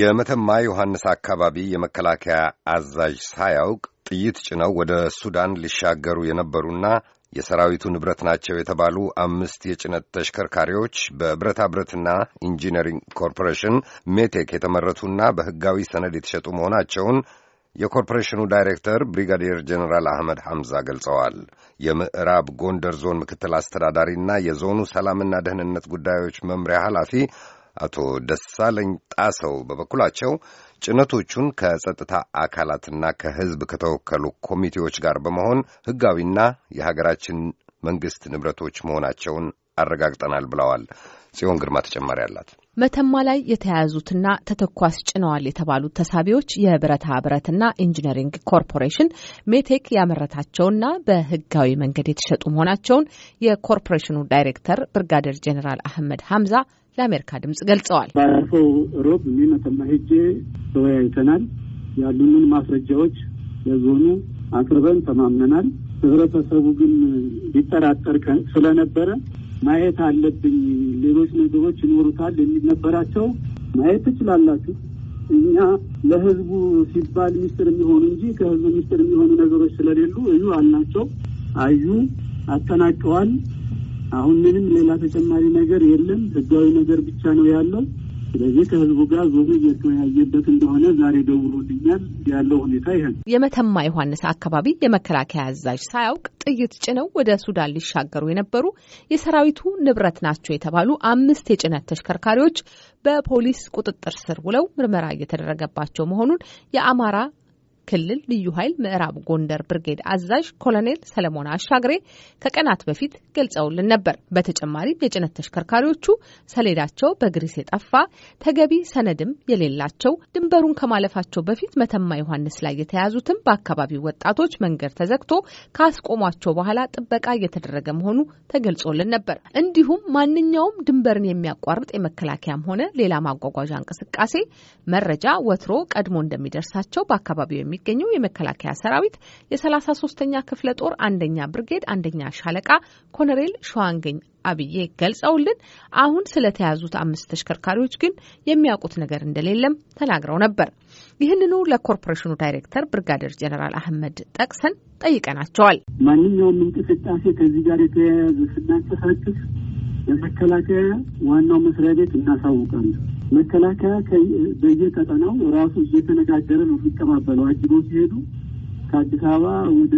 የመተማ ዮሐንስ አካባቢ የመከላከያ አዛዥ ሳያውቅ ጥይት ጭነው ወደ ሱዳን ሊሻገሩ የነበሩና የሰራዊቱ ንብረት ናቸው የተባሉ አምስት የጭነት ተሽከርካሪዎች በብረታ ብረትና ኢንጂነሪንግ ኮርፖሬሽን ሜቴክ የተመረቱና በሕጋዊ ሰነድ የተሸጡ መሆናቸውን የኮርፖሬሽኑ ዳይሬክተር ብሪጋዴር ጀኔራል አህመድ ሐምዛ ገልጸዋል። የምዕራብ ጎንደር ዞን ምክትል አስተዳዳሪና የዞኑ ሰላምና ደህንነት ጉዳዮች መምሪያ ኃላፊ አቶ ደሳለኝ ጣሰው በበኩላቸው ጭነቶቹን ከጸጥታ አካላትና ከሕዝብ ከተወከሉ ኮሚቴዎች ጋር በመሆን ሕጋዊና የሀገራችን መንግሥት ንብረቶች መሆናቸውን አረጋግጠናል ብለዋል። ጽዮን ግርማ ተጨማሪ አላት። መተማ ላይ የተያያዙትና ተተኳስ ጭነዋል የተባሉት ተሳቢዎች የብረታ ብረትና ኢንጂነሪንግ ኮርፖሬሽን ሜቴክ ያመረታቸውና በህጋዊ መንገድ የተሸጡ መሆናቸውን የኮርፖሬሽኑ ዳይሬክተር ብርጋዴር ጄኔራል አህመድ ሀምዛ ለአሜሪካ ድምጽ ገልጸዋል። ባለፈው ሮብ እኔ መተማ ሄጄ ተወያይተናል። ያሉንን ማስረጃዎች ለዞኑ አቅርበን ተማምነናል። ህብረተሰቡ ግን ሊጠራጠር ስለነበረ ማየት አለብኝ፣ ሌሎች ነገሮች ይኖሩታል ነበራቸው። ማየት ትችላላችሁ። እኛ ለህዝቡ ሲባል ሚስጥር የሚሆኑ እንጂ ከህዝቡ ሚስጥር የሚሆኑ ነገሮች ስለሌሉ እዩ አልናቸው። አዩ፣ አጠናቀዋል። አሁን ምንም ሌላ ተጨማሪ ነገር የለም። ህጋዊ ነገር ብቻ ነው ያለው። ስለዚህ ከህዝቡ ጋር ዞኑ እየተወያየበት እንደሆነ ዛሬ ደውሎልኛል። ያለው ሁኔታ ይህን የመተማ ዮሐንስ አካባቢ የመከላከያ አዛዥ ሳያውቅ ጥይት ጭነው ወደ ሱዳን ሊሻገሩ የነበሩ የሰራዊቱ ንብረት ናቸው የተባሉ አምስት የጭነት ተሽከርካሪዎች በፖሊስ ቁጥጥር ስር ውለው ምርመራ እየተደረገባቸው መሆኑን የአማራ ክልል ልዩ ኃይል ምዕራብ ጎንደር ብርጌድ አዛዥ ኮሎኔል ሰለሞን አሻግሬ ከቀናት በፊት ገልጸውልን ነበር። በተጨማሪም የጭነት ተሽከርካሪዎቹ ሰሌዳቸው በግሪስ የጠፋ ተገቢ ሰነድም የሌላቸው ድንበሩን ከማለፋቸው በፊት መተማ ዮሐንስ ላይ የተያዙትም በአካባቢው ወጣቶች መንገድ ተዘግቶ ካስቆሟቸው በኋላ ጥበቃ እየተደረገ መሆኑ ተገልጾልን ነበር። እንዲሁም ማንኛውም ድንበርን የሚያቋርጥ የመከላከያም ሆነ ሌላ ማጓጓዣ እንቅስቃሴ መረጃ ወትሮ ቀድሞ እንደሚደርሳቸው በአካባቢው የሚ የሚገኘው የመከላከያ ሰራዊት የሰላሳ ሶስተኛ ክፍለ ጦር አንደኛ ብርጌድ አንደኛ ሻለቃ ኮነሬል ሸዋንገኝ አብዬ ገልጸውልን አሁን ስለተያዙት አምስት ተሽከርካሪዎች ግን የሚያውቁት ነገር እንደሌለም ተናግረው ነበር። ይህንኑ ለኮርፖሬሽኑ ዳይሬክተር ብርጋደር ጀነራል አህመድ ጠቅሰን ጠይቀናቸዋል። ማንኛውም እንቅስቃሴ ከዚህ ጋር የተያያዙ ስናንቀሳቅስ ለመከላከያ ዋናው መስሪያ ቤት እናሳውቃለን። መከላከያ በየቀጠናው ራሱ እየተነጋገረ ነው የሚቀባበለው። አጅበው ሲሄዱ ከአዲስ አበባ ወደ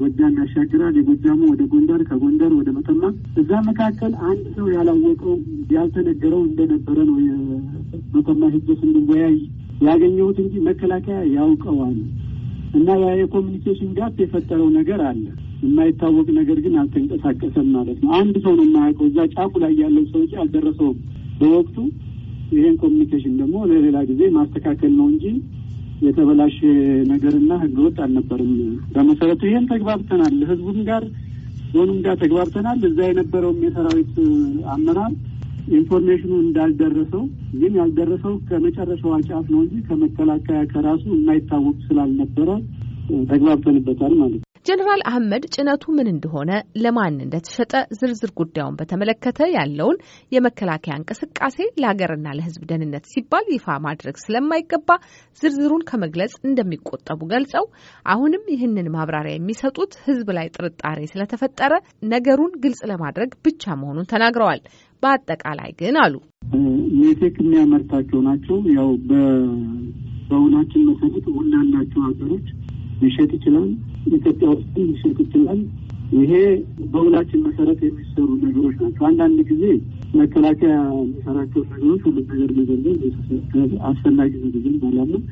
ጎጃም ያሻግራል፣ የጎጃሙ ወደ ጎንደር፣ ከጎንደር ወደ መተማ። እዛ መካከል አንድ ሰው ያላወቀው ያልተነገረው እንደነበረ ነው የመተማ ህጀት እንድወያይ ያገኘሁት እንጂ መከላከያ ያውቀዋል። እና ያ የኮሚኒኬሽን ጋፕ የፈጠረው ነገር አለ። የማይታወቅ ነገር ግን አልተንቀሳቀሰም ማለት ነው። አንድ ሰው ነው የማያውቀው። እዛ ጫፉ ላይ ያለው ሰው እንጂ አልደረሰውም በወቅቱ ይሄን ኮሚኒኬሽን ደግሞ ለሌላ ጊዜ ማስተካከል ነው እንጂ የተበላሸ ነገርና ህገወጥ አልነበርም። በመሰረቱ ይህን ተግባብተናል። ህዝቡም ጋር ዞኑም ጋር ተግባብተናል። እዛ የነበረውም የሰራዊት አመራር ኢንፎርሜሽኑ እንዳልደረሰው ግን ያልደረሰው ከመጨረሻዋ ጫፍ ነው እንጂ ከመከላከያ ከራሱ የማይታወቅ ስላልነበረ ተግባብተንበታል ማለት ነው። ጀኔራል አህመድ ጭነቱ ምን እንደሆነ ለማን እንደተሸጠ ዝርዝር ጉዳዩን በተመለከተ ያለውን የመከላከያ እንቅስቃሴ ለሀገርና ለሕዝብ ደህንነት ሲባል ይፋ ማድረግ ስለማይገባ ዝርዝሩን ከመግለጽ እንደሚቆጠቡ ገልጸው አሁንም ይህንን ማብራሪያ የሚሰጡት ሕዝብ ላይ ጥርጣሬ ስለተፈጠረ ነገሩን ግልጽ ለማድረግ ብቻ መሆኑን ተናግረዋል። በአጠቃላይ ግን አሉ ሜቴክ የሚያመርታቸው ናቸው። ያው በእውናችን መሰረት ሁላናቸው ሀገሮች ሊሸጥ ይችላል ኢትዮጵያ ውስጥ ትንሽ ትችላል። ይሄ በሁላችን መሰረት የሚሰሩ ነገሮች ናቸው። አንዳንድ ጊዜ መከላከያ የሚሰራቸው ነገሮች ሁሉ ነገር ነገር ግን አስፈላጊ ነው ማለት ነው።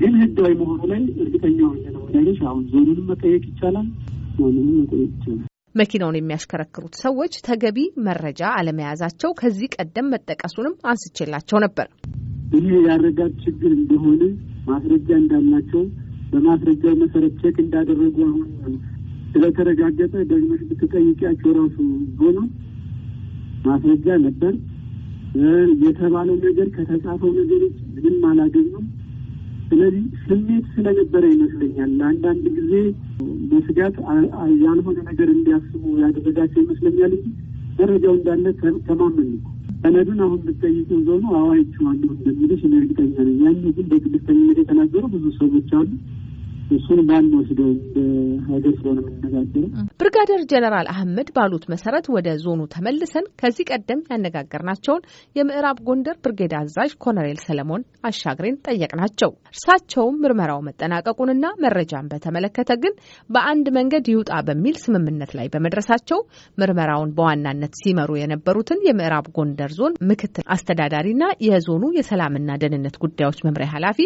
ግን ህጋዊ መሆኑ ላይ እርግጠኛ ሆነው ነገሮች አሁን ዞኑንም መጠየቅ ይቻላል፣ ሆኑንም መጠየቅ ይቻላል። መኪናውን የሚያሽከረክሩት ሰዎች ተገቢ መረጃ አለመያዛቸው ከዚህ ቀደም መጠቀሱንም አንስቼላቸው ነበር። ይህ ያረጋት ችግር እንደሆነ ማስረጃ እንዳላቸው በማስረጃ መሰረት ቼክ እንዳደረጉ አሁን ስለተረጋገጠ ደግመሽ ብትጠይቂያቸው ራሱ ሆኖ ማስረጃ ነበር የተባለው ነገር ከተጻፈው ነገሮች ምንም አላገኙም። ስለዚህ ስሜት ስለነበረ ይመስለኛል አንዳንድ ጊዜ በስጋት ያልሆነ ነገር እንዲያስቡ ያደረጋቸው ይመስለኛል እንጂ መረጃው እንዳለ ተማመን ነው። ሰነዱን አሁን ብትጠይቂው ዞኑ አዋይችዋለሁ እንደሚልሽ እኔ እርግጠኛ ነኝ። ያን ግን በቅድስተኝነት የተናገሩ ብዙ ሰዎች አሉ። እሱን ማን ወስደው ሀገር ስለሆነ የምንነጋገረው። ብርጋደር ጀነራል አህመድ ባሉት መሰረት ወደ ዞኑ ተመልሰን ከዚህ ቀደም ያነጋገርናቸውን የምዕራብ ጎንደር ብርጌድ አዛዥ ኮሎኔል ሰለሞን አሻግሬን ጠየቅናቸው። እርሳቸውም ምርመራው መጠናቀቁንና መረጃን በተመለከተ ግን በአንድ መንገድ ይውጣ በሚል ስምምነት ላይ በመድረሳቸው ምርመራውን በዋናነት ሲመሩ የነበሩትን የምዕራብ ጎንደር ዞን ምክትል አስተዳዳሪና የዞኑ የሰላምና ደህንነት ጉዳዮች መምሪያ ኃላፊ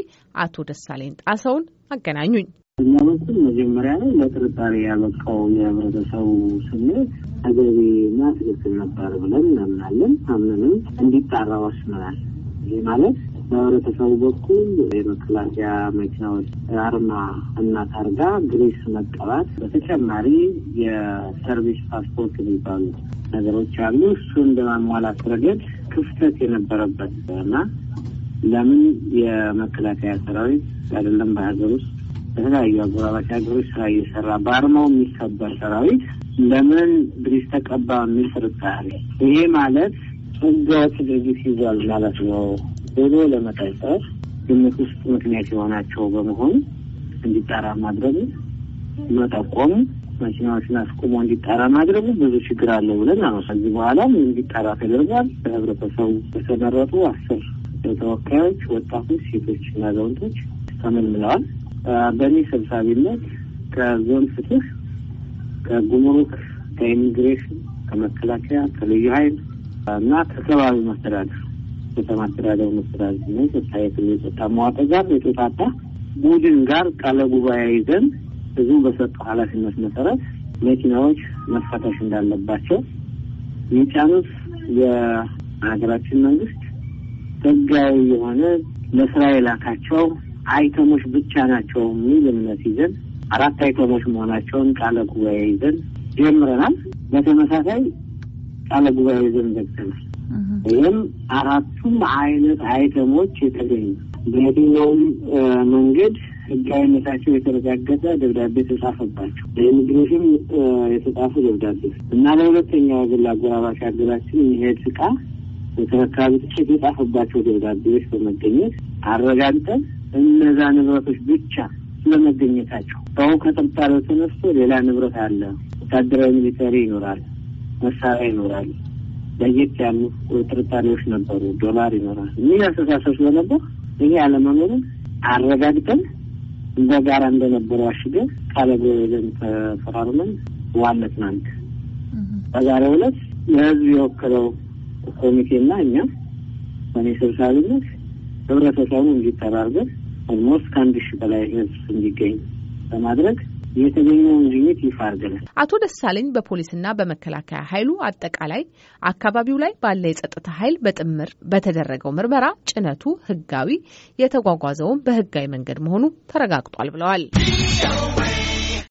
አቶ ደሳሌን ጣሰውን አገናኙኝ። እኛ በኩል መጀመሪያ ላይ ለጥርጣሬ ያበቃው የህብረተሰቡ ስሜት ተገቢና ትክክል ነበር ብለን እናምናለን። አምንንም እንዲጣራ ወስነናል። ይህ ማለት በህብረተሰቡ በኩል የመከላከያ መኪናዎች አርማ እና ታርጋ ግሬስ መቀባት፣ በተጨማሪ የሰርቪስ ፓስፖርት የሚባሉ ነገሮች አሉ። እሱን በማሟላት ረገድ ክፍተት የነበረበት እና ለምን የመከላከያ ሰራዊት አይደለም በሀገር ውስጥ በተለያዩ አጎራባች ሀገሮች ስራ እየሰራ በአርማው የሚከበር ሰራዊት ለምን ብሪስ ተቀባ የሚል ጥርጣሬ ይሄ ማለት ህገወጥ ድርጊት ይዟል ማለት ነው ብሎ ለመጠርጠር ግምት ውስጥ ምክንያት የሆናቸው በመሆን እንዲጣራ ማድረጉ መጠቆም መኪናዎችን አስቁሞ እንዲጣራ ማድረጉ ብዙ ችግር አለው ብለን አነሳ። ከዚህ በኋላም እንዲጣራ ተደርጓል። በህብረተሰቡ የተመረጡ አስር ተወካዮች ወጣቶች፣ ሴቶችና አዛውንቶች ተመልምለዋል። በእኔ ሰብሳቢነት ከዞን ፍትህ፣ ከጉምሩክ፣ ከኢሚግሬሽን፣ ከመከላከያ፣ ከልዩ ኃይል እና ከከባቢ ማስተዳደር ከተማ አስተዳደር መስተዳደር ነው ስታየት የጸጥታ መዋቅር ጋር የተጣጣ ቡድን ጋር ቃለ ጉባኤ ይዘን ህዝቡ በሰጠው ኃላፊነት መሰረት መኪናዎች መፈተሽ እንዳለባቸው የጫኑት የሀገራችን መንግስት ህጋዊ የሆነ ለስራ የላካቸው አይተሞች ብቻ ናቸው የሚል እምነት ይዘን አራት አይተሞች መሆናቸውን ቃለ ጉባኤ ይዘን ጀምረናል። በተመሳሳይ ቃለ ጉባኤ ይዘን ዘግተናል። ይህም አራቱም አይነት አይተሞች የተገኙ በየትኛውም መንገድ ህጋዊነታቸው የተረጋገጠ ደብዳቤ ተጻፈባቸው በኢሚግሬሽን የተጻፉ ደብዳቤ እና ለሁለተኛ ወገን ለአጎራባች ሀገራችን የሚሄድ እቃ በተረካቢ ጥቂት የጻፈባቸው ደብዳቤዎች በመገኘት አረጋግጠን እነዛ ንብረቶች ብቻ ስለመገኘታቸው በአሁን ከጥርጣሬው ተነስቶ ሌላ ንብረት አለ፣ ወታደራዊ ሚሊተሪ ይኖራል፣ መሳሪያ ይኖራል፣ ለየት ያሉ ጥርጣሬዎች ነበሩ፣ ዶላር ይኖራል የሚል አስተሳሰብ ስለነበር ይሄ አለመኖሩን አረጋግጠን በጋራ እንደነበረው አሽገን ቃለ ጎዘን ተፈራርመን ዋለ ትናንት በዛሬው ዕለት ለህዝብ የወከለው ኮሚቴና እኛ በእኔ ሰብሳቢነት ህብረተሰቡ እንዲተባበር ኦልሞስት ከአንድ ሺህ በላይ ህዝብ እንዲገኝ በማድረግ የተገኘውን ግኝት ይፋ አድርገናል። አቶ ደሳለኝ በፖሊስና በመከላከያ ኃይሉ አጠቃላይ አካባቢው ላይ ባለ የጸጥታ ኃይል በጥምር በተደረገው ምርመራ ጭነቱ ህጋዊ፣ የተጓጓዘውን በህጋዊ መንገድ መሆኑ ተረጋግጧል ብለዋል።